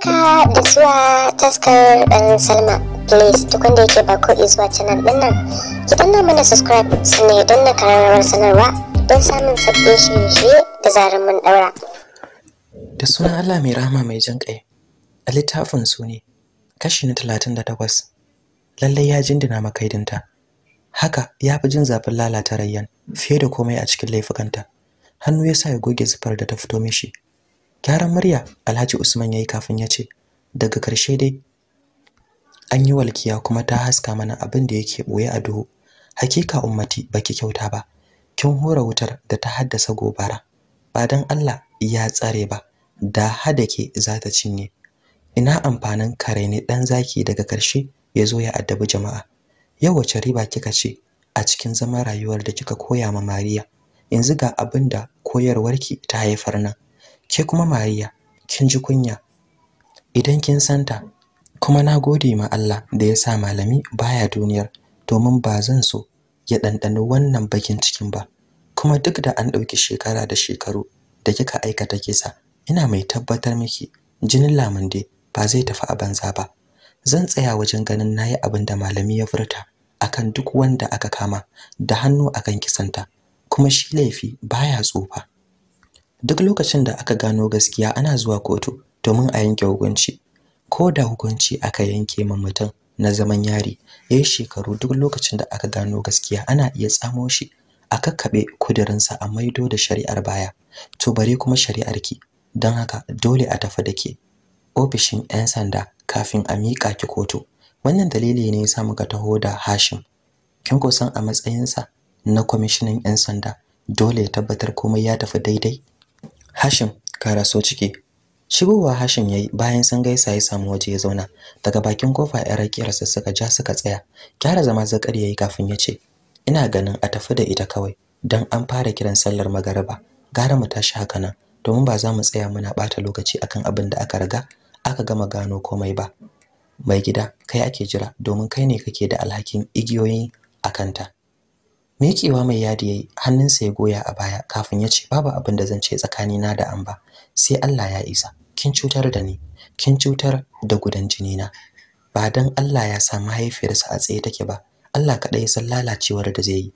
haka da zuwa taskar dan salma please duk wanda yake ba ko zuwa canal nan ki danna mana subscribe sannan ya danna karamar sanarwa don samun sabbin shirye-shirye da zarar mun daura da sunan allah mai rahama mai jan kai a littafin su ne kashi na talatin da takwas lallai ya jindina makaidinta haka ya fi jin zafin lalata rayyan fiye da komai a cikin laifukanta hannu ya sa ya goge zufar da ta fito mishi gyaran murya alhaji usman ya yi kafin ya ce daga ƙarshe dai an yi walkiya kuma ta haska mana abin da yake ɓoye a duhu hakika ummati baki kyauta ba kin hura wutar da ta haddasa gobara ba dan Allah ya tsare ba da hadake za ta cinye ina amfanin kare ne dan zaki daga ƙarshe ya zo ya addabi jama'a yau wace riba kika ce a cikin zaman rayuwar da kika koya ma Mariya yanzu ga abin da ki ta haifar nan ke kuma mariya kin ji kunya idan kin santa kuma na gode ma Allah da ya sa malami baya duniyar domin ba zan so ya dandano wannan bakin cikin ba kuma duk da an ɗauki shekara da shekaru da kika aikata kisa ina mai tabbatar miki jinin lamunde ba zai tafi a banza ba zan tsaya wajen ganin nayi abin da malami ya furta akan duk wanda aka kama da hannu akan kisanta kuma shi laifi baya tsufa duk lokacin da aka gano gaskiya ana zuwa kotu domin a yanke hukunci ko da hukunci aka yanke ma mutum na zaman yari yi shekaru duk lokacin da aka gano gaskiya ana iya tsamo shi a kakkaɓe kudirinsa a maido da shari'ar baya to bare kuma shari'ar ki don haka dole a tafi da ke ofishin 'yan sanda kafin a miƙa ki kotu wannan dalili ne yasa muka taho da Hashim kin kusan a matsayinsa na kwamishinan 'yan sanda dole ya tabbatar komai ya tafi daidai Hashim karaso ciki Shigowa Hashim yayi bayan sun gaisa ya samu waje ya zauna. Daga bakin kofa ya rakiyar sa suka ja suka tsaya. Kyara zama zakar yayi kafin ya ce, "Ina ganin a tafi da ita kawai dan an fara kiran sallar magariba. Gara mu tashi haka nan domin ba za mu tsaya muna bata lokaci akan abin da aka riga aka gama gano komai ba." Mai gida, kai ake jira domin kai ne kake da alhakin igiyoyin akanta. Mekewa mai yadi yayi hannunsa ya goya a baya kafin ya ce babu abin da zan ce na da an ba. sai Allah ya isa kin cutar da ni kin cutar da gudan jini na ba dan Allah ya sa mahaifiyarsa a tsaye take ba Allah kaɗai san lalacewar da zai yi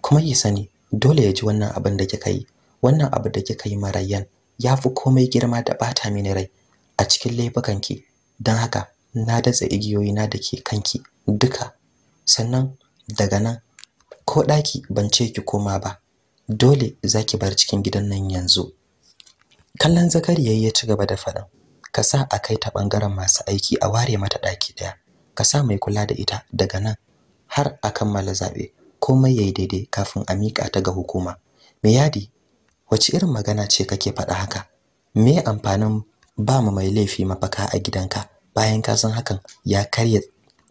kuma ya sani dole ya ji wannan abin da kika yi wannan abu da kika yi marayyan ya fi komai girma da bata mini rai a cikin ki. don haka na datsa igiyoyina na da ke kanki duka sannan daga nan ko ɗaki ban ce ki koma ba dole zaki bar cikin gidan nan yanzu kallon zakariya ya ci gaba da faɗin ka sa a kai ta ɓangaren masu aiki a ware mata ɗaki ɗaya ka sa mai kula da ita daga nan har a kammala zaɓe komai yayi daidai kafin a miƙa ta ga hukuma me yadi wace irin magana ce kake faɗa haka me amfanin ba mu mai laifi mafaka a gidanka bayan ka san hakan ya karya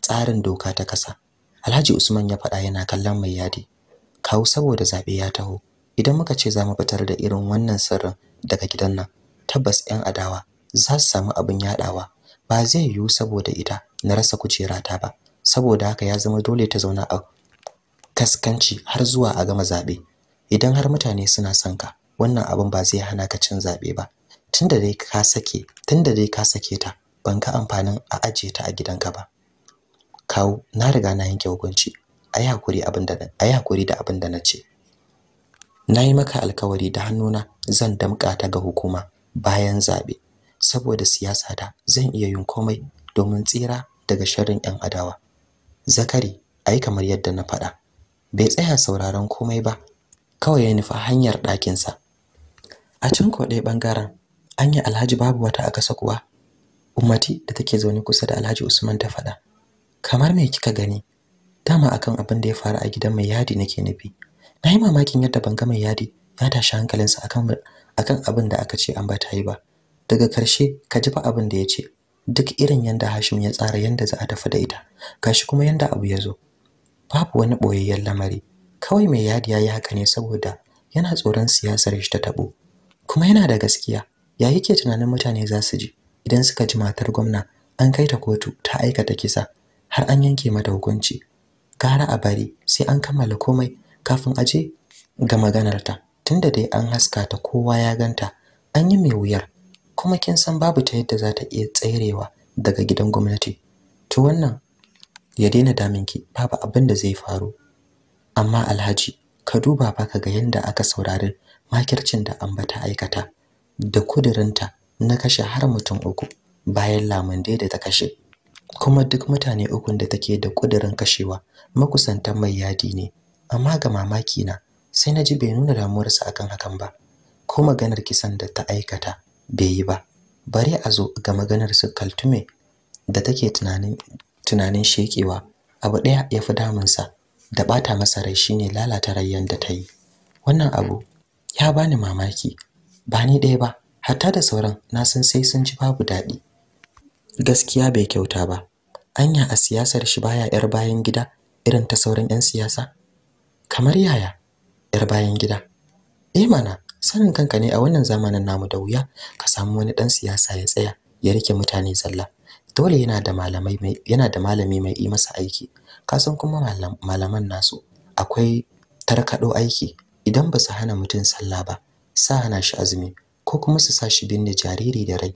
tsarin doka ta kasa Alhaji Usman ya faɗa yana kallon mai yadi. Kawu saboda zabe ya taho. Idan muka ce za mu fitar da irin wannan sirrin daga gidan nan, tabbas 'yan adawa za su samu abin yadawa. Ba zai yiwu saboda ita na rasa kujera ta ba. Saboda haka ya zama dole ta zauna a kaskanci har zuwa a gama zabe. Idan har mutane suna son ka, wannan abin ba zai hana ka cin zabe ba. Tunda dai ka sake, tunda dai ka sake ta, ban ka amfanin a aje ta a gidanka ba. kawo na riga na yanke hukunci ayi hakuri abin da ayi hakuri da abin da nace nayi maka alkawari da hannuna zan damƙa ta ga hukuma bayan zabe saboda siyasa ta zan iya yin komai domin tsira daga sharrin yan adawa zakari ai kamar yadda na faɗa bai tsaya sauraron komai ba kawai ya nufa hanyar ɗakinsa a can ko ɗaya ɓangaren an alhaji babu wata aka kuwa? ummati da take zaune kusa da alhaji usman ta faɗa kamar me kika gani dama akan abin da ya faru a gidan mai yadi nake nufi na yi mamakin yadda ban ga mai yadi ya tashi hankalinsa akan akan abin da aka ce an ba ta yi ba daga karshe ka ji fa abin da ya ce duk irin yanda Hashim ya tsara yanda za a tafi da ita gashi kuma yanda abu ya zo babu wani boyayyen lamari kawai mai yadi ya yi haka ne saboda yana tsoron siyasar shi ta tabo kuma yana da gaskiya ya yake tunanin mutane za su ji idan suka ji matar gwamna an kai ta kotu ta aikata kisa har an yanke mata hukunci gara a bari sai an kammala komai kafin a je ga maganarta tunda dai an haska ta kowa ya ganta an yi mai wuyar kuma kin san babu ta yadda za ta iya tserewa daga gidan gwamnati to wannan ya daina ki, babu abin da zai faru amma alhaji ka duba fa ga yanda aka saurari makircin da ambata aikata da kudirinta na kashe har mutum uku bayan lamun da ta kashe kuma duk mutane ukun da take da kudirin kashewa makusantan mai yadi ne amma ga mamaki na sai na ji bai nuna damuwarsa akan hakan ba ko maganar kisan da ta aikata bai yi ba bari a zo ga maganar su kaltume da take tunanin tunanin shekewa abu daya ya fi sa da bata masa rai shine lalata rayyan da ta yi wannan abu ya bani mamaki ba ni ɗaya ba hatta da sauran na san sai sun ji babu daɗi gaskiya bai kyauta ba anya a siyasar shi baya yar bayan gida irin ta sauran yan siyasa kamar yaya yar bayan gida eh mana sanin kanka ne a wannan zamanin namu da wuya ka samu wani dan siyasa ya tsaya ya rike mutane zalla dole yana da malamai mai yana da malami mai yi masa aiki ka san kuma malaman nasu akwai tarkado aiki idan ba su hana mutum sallah ba sa hana shi azumi ko kuma su sa shi binne jariri da rai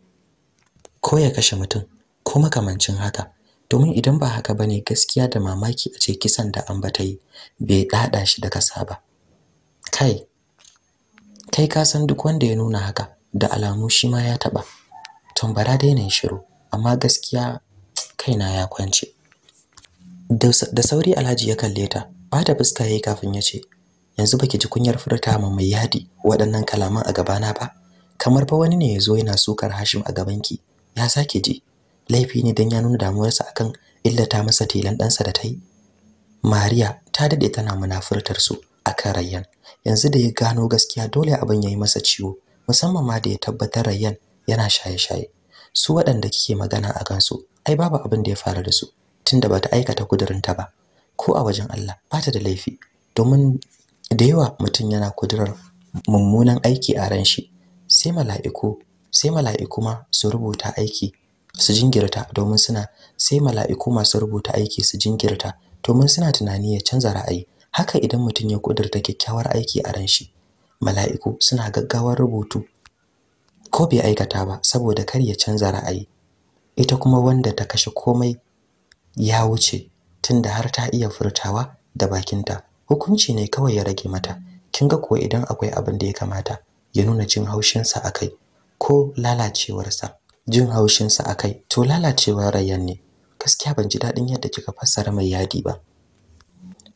ko ya kashe mutum ko makamancin haka domin idan ba haka ba ne gaskiya da mamaki a ce kisan da an bata yi bai dada shi da kasa ba kai kai ka san duk wanda ya nuna haka da alamu shi ma ya taba tambara dai ne shiru amma gaskiya kaina ya kwance da sauri Alhaji ya kalle ta ba ta fuska yayi kafin ya ce yanzu baki ji kunyar furta ma mai yadi waɗannan kalaman a gabana ba kamar fa wani ne ya zo yana sukar Hashim a gabanki ya sake ji laifi ne dan ya nuna damuwarsa akan illata masa tilan ɗansa da tai yi Mariya ta dade tana munafurtar su akan Rayyan yanzu da ya gano gaskiya dole abin yayi masa ciwo musamman ma da ya tabbatar Rayyan yana shaye-shaye su waɗanda kike magana a kansu ai babu abin da ya faru da su tunda bata aikata kudurinta ba ko a wajen Allah bata da laifi domin da yawa mutum yana kudurar mummunan aiki a ran shi sai mala'iku sai mala'iku ma su rubuta aiki su jingirta domin suna sai mala'iku masu rubuta aiki su jingirta domin suna tunani ya canza ra'ayi haka idan mutum ya kudurta kyakkyawar aiki a ran shi mala'iku suna gaggawar rubutu ko bai aikata ba saboda kar ya canza ra'ayi ita kuma wanda ta kashe komai ya wuce tunda har ta iya furtawa da bakinta hukunci ne kawai ya rage mata kin ga kuwa idan akwai abin da ya kamata ya nuna jin haushinsa a kai. ko lalacewarsa jin haushinsa a kai to lalacewar rayan ne gaskiya ban ji daɗin yadda kika fassara mai yadi ba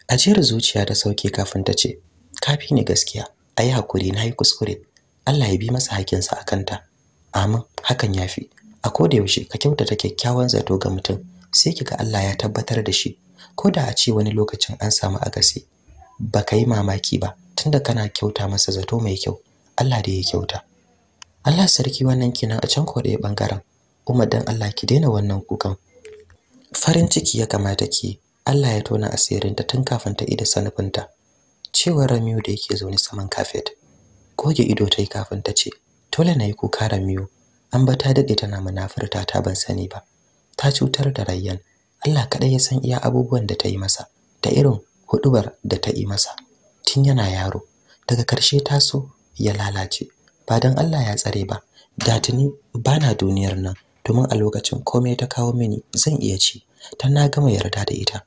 A ajiyar zuciya da sauke kafin ta ce kafi ne gaskiya a yi hakuri na yi kuskure allah ya bi masa hakinsa a kanta amin hakan ya fi a koda yaushe ka kyautata kyakkyawan zato ga mutum sai kika allah ya tabbatar da shi ko da a ce wani lokacin an samu agasi ba ka yi mamaki ba tunda kana kyauta masa zato mai kyau allah da ya kyauta Allah sarki wannan kenan a can kodai bangaren Umar dan Allah ki daina wannan kukan farin ciki ya kamata ki Allah ya tona asirinta tun kafin ta ida sanufinta cewar Ramiu da yake zaune saman kafet goge ido tai kafin ta ce tole nayi kuka Ramiu an bata dade tana munafurta ta ban sani ba ta cutar da Rayyan Allah kadai ya san iya abubuwan da ta yi masa da irin hudubar da ta yi masa tun yana yaro daga karshe so, ya lalace ba dan Allah ya tsare ba da tuni na duniyar nan domin a lokacin komai ta kawo mini zan iya ci ta na gama yarda da ita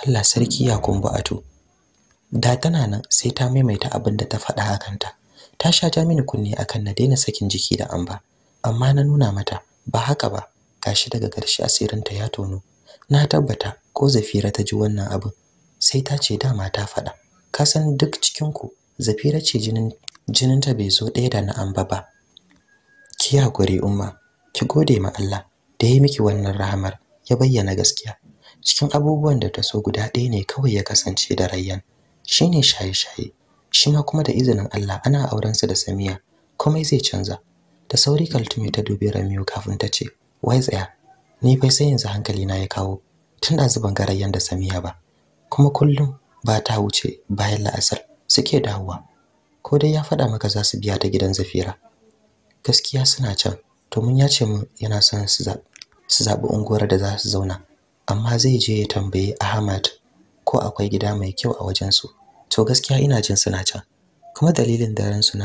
Allah sarki ya kumbu ato da tana nan sai ta maimaita abin da ta faɗa hakan ta ta sha ja mini kunne akan na daina sakin jiki da amba amma na nuna mata ba haka ba gashi daga ƙarshe asirinta ya tono na tabbata ko zafira ta ji wannan abin sai ta ce dama ta faɗa ka san duk cikin ku zafira ce jinin jininta bai zo ɗaya da na'am ba ba ki hakuri umma ki gode ma Allah da ya miki wannan rahamar ya bayyana gaskiya cikin abubuwan da ta so guda ɗaya ne kawai ya kasance da rayyan shine shaye-shaye shi ma kuma da izinin Allah ana auren sa da Samiya komai zai canza da sauri kaltumi ta dubi Ramiyu kafin ta ce wai tsaya ni fa sai yanzu hankali na ya kawo tun da zuban garayyan da Samiya ba kuma kullum ba ta wuce bayan la'asar suke dawowa ko dai ya faɗa maka za su biya ta gidan zafira gaskiya suna can to mun ya ce mun yana son su zaɓi unguwar da za su zauna amma zai je ya tambayi ahmad ko akwai gida mai kyau a wajensu to gaskiya ina jin suna can kuma dalilin da su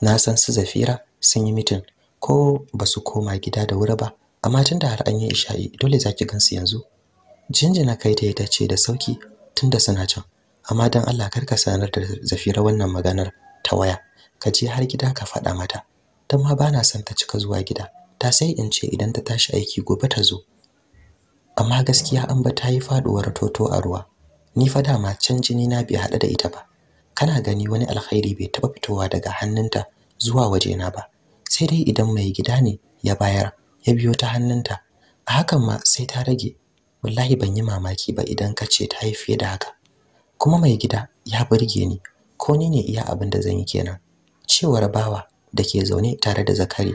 na san su zafira sun yi mitin ko ba su koma gida da wuri ba amma tunda har an yi isha'i dole za ki gansu yanzu jinjina kai ta ce da sauki tunda suna can amma dan Allah kar ka sanar da Zafira wannan maganar ta waya ka je har gida ka faɗa mata ta ma bana son ta cika zuwa gida ta sai in ce idan ta tashi aiki gobe ta zo amma gaskiya an ba ta yi faduwar toto a ruwa ni fa dama can jini na bai haɗu da ita ba kana gani wani alkhairi bai taɓa fitowa daga hannunta zuwa wajena ba sai dai idan mai gida ne ya bayar ya biyo ta hannunta a hakan ma sai ta rage wallahi ban yi mamaki ba idan ka ce ta yi fiye da haka kuma mai gida ya burge ni ko ni ne iya abin da zan yi kenan cewar bawa da ke zaune tare da zakari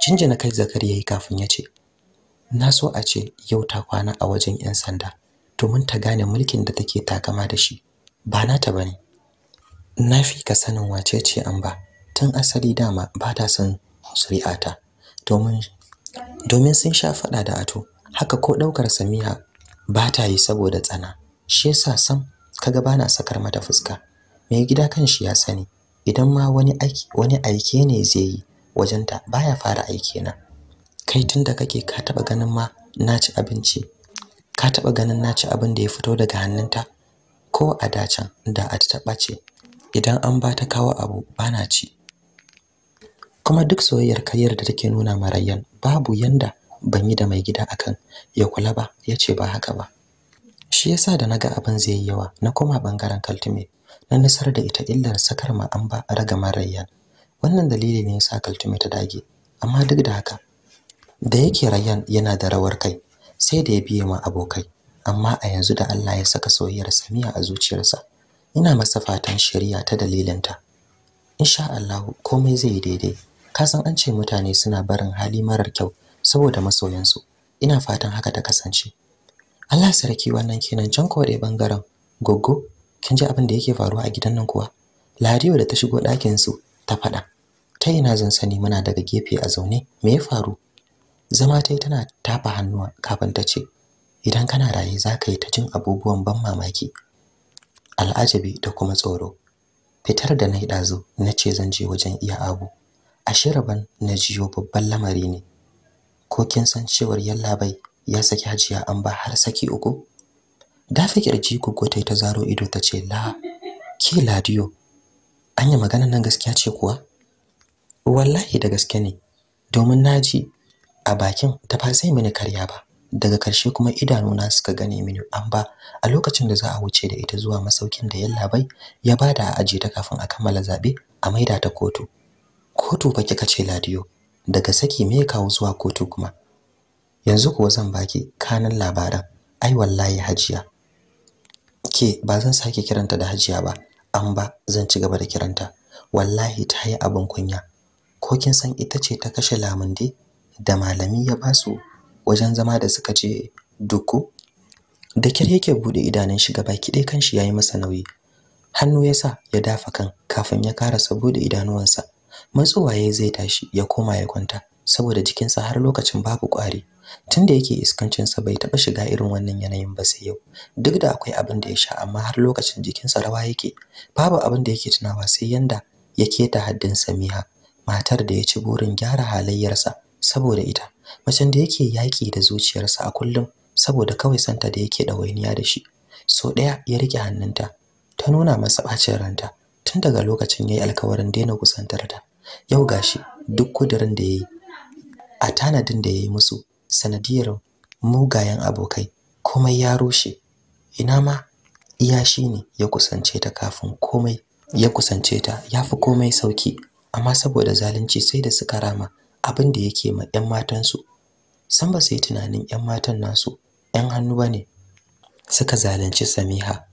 jinjina kai zakari yi kafin ya ce na so a ce yau ta kwana a wajen 'yan sanda domin ta gane mulkin da take takama da shi ba nata bane na fi ka sanin wace ce an ba tun asali dama ba ta son suri'ata. domin sun sha faɗa da ato haka ko ɗaukar samiya ba ta yi saboda tsana shi yasa sam kaga bana sakar mata fuska mai gida kan shi ya sani idan ma wani aiki wani aike ne zai yi wajenta baya fara aike na kai tunda kake ka taba ganin ma na ci abinci ka taba ganin na ci abin da ya fito daga hannunta ko a dacan da a taba ce idan an ba ta kawo abu bana ci kuma duk soyayyar karyar da take nuna marayyan babu yanda ban yi da mai gida akan ya kula ba ya ce ba haka ba shi yasa da naga abin zai yi yawa na koma bangaren kaltume na nisar da ita illar sakar ma an ba raga marayyan. wannan dalili ne yasa kaltume ta dage amma duk da haka da yake rayyan yana da rawar kai sai da ya biye ma abokai amma a yanzu da Allah ya saka soyayyar Samiya a zuciyarsa ina masa fatan shari'a ta dalilinta insha Allah komai zai yi daidai ka san an ce mutane suna barin hali marar kyau saboda masoyansu ina fatan haka ta kasance Allah sarki wannan kenan can kowa kore bangaren goggo kin ji abin da yake faruwa a gidan nan kuwa Ladiyo da ta shigo ɗakin su ta faɗa ta ina zan sani muna daga gefe a zaune me ya faru zama ta yi tana tafa hannuwa kafin ta ce idan kana raye za ka yi ta jin abubuwan ban mamaki al'ajabi da kuma tsoro fitar da na yi ɗazu na ce zan je wajen iya abu ashe rabon na jiyo babban lamari ne ko kin san cewar yallabai ya saki hajiya an ba har saki uku Da kirji goggo ta ta zaro ido ta ce la ke ladiyo anya magana nan gaskiya ce kuwa wallahi da gaske ne domin naji a bakin ta ba zai mini karya ba daga karshe kuma idanu na suka gane mini an ba a lokacin da za a wuce da ita zuwa masaukin da yalla bai ya bada a aje ta kafin a kammala zabe a maida ta kotu kotu fa kika ce ladiyo daga saki me ya kawo zuwa kotu kuma yanzu kuwa zan baki kanin labaran ai wallahi hajiya ke ba zan sake kiranta da hajiya ba an ba zan ci gaba da kiranta wallahi ta yi abin kunya ko kin san ita ce ta kashe lamunde da malami ya ba su wajen zama da suka ce duku da kyar yake bude idanun shi gaba ki kan shi yayi masa nauyi hannu ya sa ya dafa kan kafin ya karasa saboda idanuwansa matsuwaye zai tashi ya koma ya kwanta saboda jikinsa har lokacin babu kwari Tun tunda yake iskancinsa bai taɓa shiga irin wannan yanayin ba sai yau duk da akwai abin da ya sha amma har lokacin jikinsa rawa yake babu abin da yake tunawa sai yanda ya keta haddin samiha matar da ya ci burin gyara halayyarsa saboda ita macen da yake yaƙi da zuciyarsa a kullum saboda kawai santa da yake ɗawainiya da shi so ɗaya ya rike hannunta ta nuna masa ɓacin ranta tun daga lokacin ya yi alkawarin daina kusantar ta yau gashi duk kudirin da ya yi a tanadin da ya yi musu sanadiyar mugayen abokai komai ya rushe ina ma iya shi ne ya kusance ta kafin komai ya kusance ta ya fi komai sauki amma saboda zalunci sai da suka rama abin da yake ma 'yan matansu san ba sai tunanin 'yan matan nasu 'yan hannu ba ne suka zalunci samiha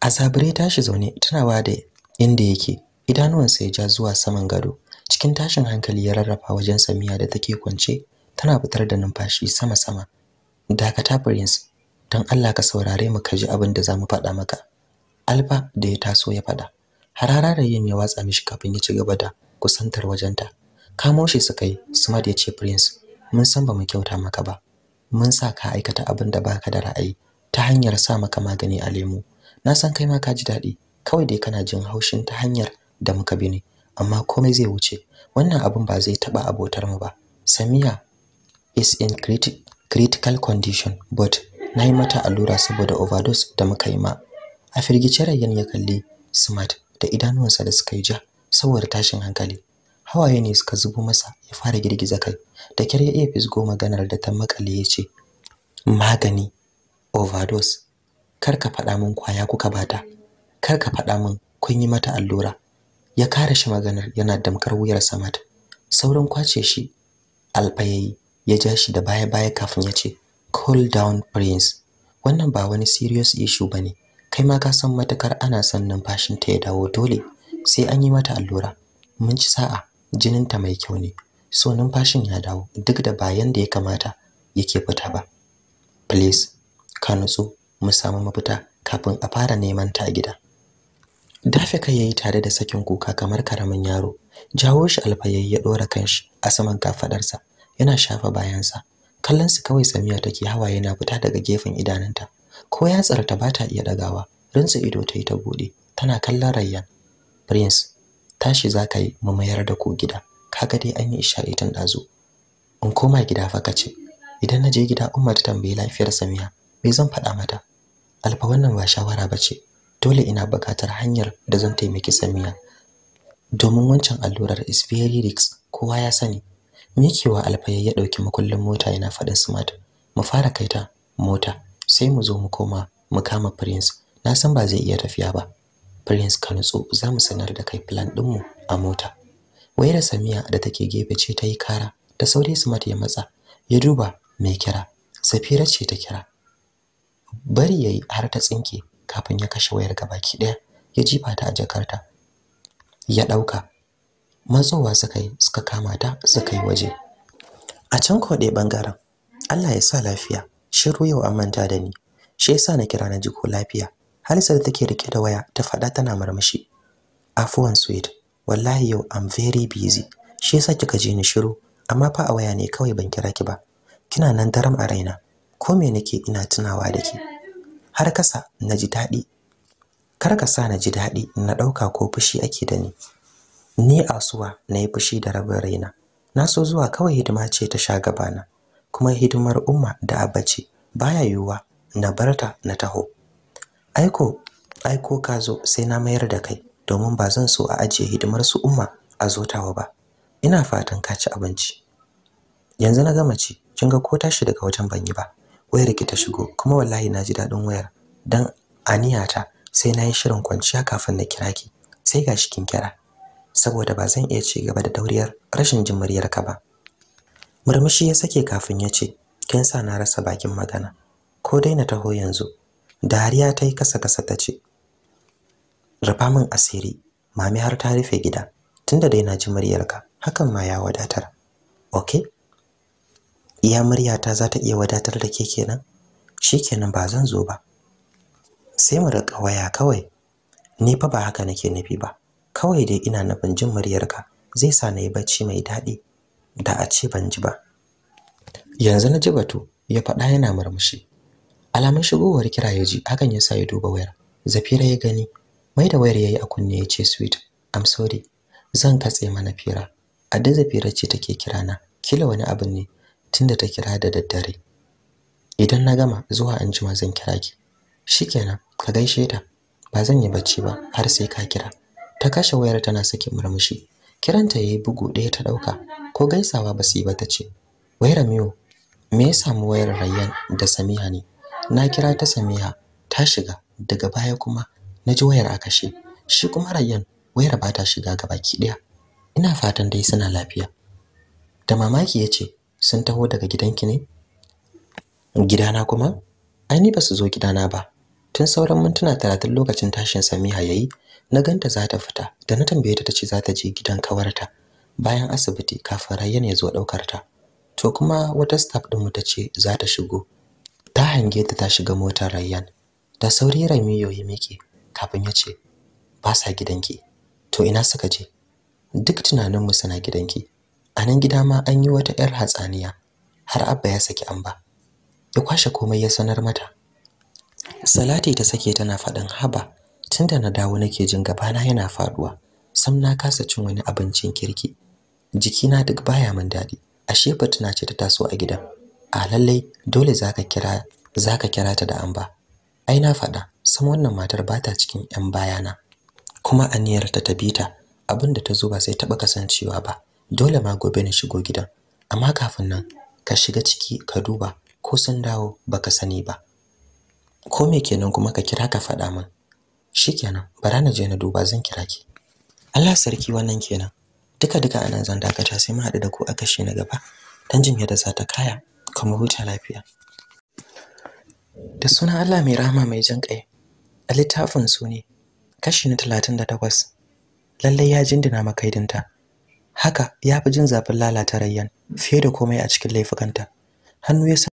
a zabire tashi zaune tana tunawa da inda yake idanuwansa ya ja zuwa saman gado cikin tashin hankali ya rarrafa wajen samiya da take kwance tana fitar da numfashi sama-sama dakata prince don Allah ka saurare mu ka ji abin da zamu faɗa maka alfa da ya taso ya faɗa harara da yin ya watsa mishi kafin ya ci gaba da kusantar wajenta kamo shi su kai, smart ya ce prince mun san ba mu kyauta maka ba mun sa ka aikata abin da baka da ra'ayi ta hanyar sa maka magani a lemu na san kai ma ka ji daɗi kawai dai kana jin haushin ta hanyar da muka bi ne amma komai zai wuce wannan abin ba zai taɓa abotar mu ba samiya is in criti critical condition but na yi mata allura saboda overdose da muka yi ma a firgice rayyan ya kalli smart da idanuwansa da suka yi ja saboda tashin hankali hawaye ne suka zubo masa ya fara girgiza kai da kyar ya iya fisgo maganar da ta makale ya ce magani overdose kar ka faɗa min kwaya kuka bata kar ka faɗa min kun yi mata allura ya kare shi maganar yana damkar wuyar samat sauran kwace shi alfayayi ya ja shi da baya-baya kafin ya ce cool down prince wannan ba wani serious issue bane kai ma ka san matakar ana son numfashin ta ya dawo dole sai an yi mata allura mun ci sa'a jinin ta mai kyau ne so numfashin ya dawo duk da ba da ya kamata yake fita ba please ka nutsu mu samu mafita kafin a fara neman ta gida dafe kai yayi tare da sakin kuka kamar karamin yaro jawo shi alfayayye ya dora kanshi a saman kafadarsa yana shafa bayansa kallon su kawai samiya take hawaye na fita daga gefen idanunta ko ya yatsar ta bata iya dagawa rinsa ido ta yi ta bude tana kallon rayyan prince tashi zaka yi mu mayar da ku gida kaga dai an yi isha'i tun dazu in koma gida fa ce. idan na je gida umma ta tambayi lafiyar samiya me zan faɗa mata alfa wannan ba shawara ba ce. dole ina buƙatar hanyar da zan taimaki samiya domin wancan allurar is kowa ya sani mikewa alfaya ya dauki makullin mota yana faɗin smart mu fara kaita mota sai mu zo mu koma mu kama prince na san ba zai iya tafiya ba prince ka nutsu za mu sanar da kai plan mu a mota Wai da samiya da take gefe ce ta yi kara ta sauri smart ya matsa ya duba mai kira safira ce ta kira bari yayi har ta tsinke kafin ya kashe wayar gabaki daya ya jifa ta a jakarta ya dauka matsowa suka yi suka kama ta suka yi waje a can koɗe bangaren Allah ya sa lafiya shiru yau an manta da ni shi yasa na kira na ji ko lafiya Halisa da take rike da waya ta faɗa tana murmushi afuwan sweet wallahi yau I'm very busy shi yasa kika je ni shiru amma fa a waya ne kawai ban kira ki ba kina nan daram a raina ko me nake ina tunawa da ki har kasa naji ji daɗi kar ka sa na ji daɗi na ɗauka ko fushi ake da ni ni asuwa na yi fushi da rabin raina na so zuwa kawai hidima ce ta sha gabana kuma hidimar umma da abaci baya yiwuwa na barta na taho aiko aiko ka zo sai na mayar da kai domin ba zan so a ajiye hidimar su umma a zo tawa ba ina fatan ka ci abinci yanzu na gama ci kin ga ko tashi daga wajen ban yi ba wayar ki ta shigo kuma wallahi na ji dadin wayar dan aniyata sai na yi shirin kwanciya kafin na kira ki sai gashi kin kira saboda ba zan iya ci gaba da dauriyar rashin jin muryarka ba murmushi ya sake kafin ya ce kin sa na rasa bakin magana ko dai na taho yanzu dariya ta yi kasa kasa ta ce rufa min asiri mami har ta rufe gida tunda dai na ji muryarka hakan ma ya wadatar OK? iya muryata za ta iya wadatar da ke kenan shikenan ba zan zo ba sai mu rika waya kawai ni fa ba haka nake nufi ba kawai dai ina nufin jin muryarka zai sa na yi bacci mai daɗi da a ce ban ji ba yanzu na ji batu ya faɗa yana murmushi alamun shigowar kira ya ji hakan ya sa ya duba wayar zafira ya gani mai da wayar yi a kunne ya ce sweet i'm sorry zan katse mana fira a da zafira ce take kira na kila wani abin ne tunda ta kira da daddare idan na gama zuwa anjima zan kira ki shikenan ka gaishe ta ba zan yi bacci ba har sai ka kira ta kashe wayar tana sakin murmushi kiranta yayi bugu ɗaya ta dauka ko gaisawa ba su yi ba ta ce Wayar miyo, me ya samu wayar Rayyan da Samiha ne na kira ta Samiha ta shiga daga baya kuma na ji wayar a kashe shi kuma Rayyan wayar ba ta shiga ki daya ina fatan dai suna lafiya da mamaki ya ce sun taho daga gidanki ne gidana kuma ai ni ba su zo gidana ba tun sauran mintuna talatin lokacin tashin Samiha yayi na ganta za ta fita da na tambaye ta tace za ta je gidan kawarta bayan asibiti kafin Rayyan ya zo daukar ta to kuma wata staff din mu tace za ta shigo ta hange ta ta shiga motar Rayyan da sauri rami ya miki kafin ya ce ba sa gidanki to ina suka je duk tunanin mu suna gidanki a nan gida ma an yi wata yar hatsaniya har abba ya saki amba ya kwashe komai ya sanar mata Salati ta sake tana faɗin haba tunda na dawo nake jin gabana yana faduwa sam na kasa cin wani abincin kirki jikina duk baya min daɗi ashe batuna ce ta taso a gidan a lallai dole zaka kira zaka kira ta da amba ai na faɗa sam wannan matar ba ta cikin 'yan baya na. kuma aniyar ta tabita abinda ta zo ba sai taɓa kasancewa ba dole ma gobe na shigo gidan amma kafin nan ka shiga ciki ka duba ko san dawo baka sani ba ko me kenan kuma ka kira ka faɗa min shikenan bara na je na duba zan kira ki Allah sarki wannan kenan duka duka anan zan dakata sai mu haɗu da ku a kashi na gaba dan jin yadda za ta kaya kuma huta lafiya da sunan Allah mai rahama mai jan kai a littafin su ne kashi na 38 lalle ya jindina makaidinta haka ya fi jin zafin lalata rayyan fiye da komai a cikin laifukanta hannu ya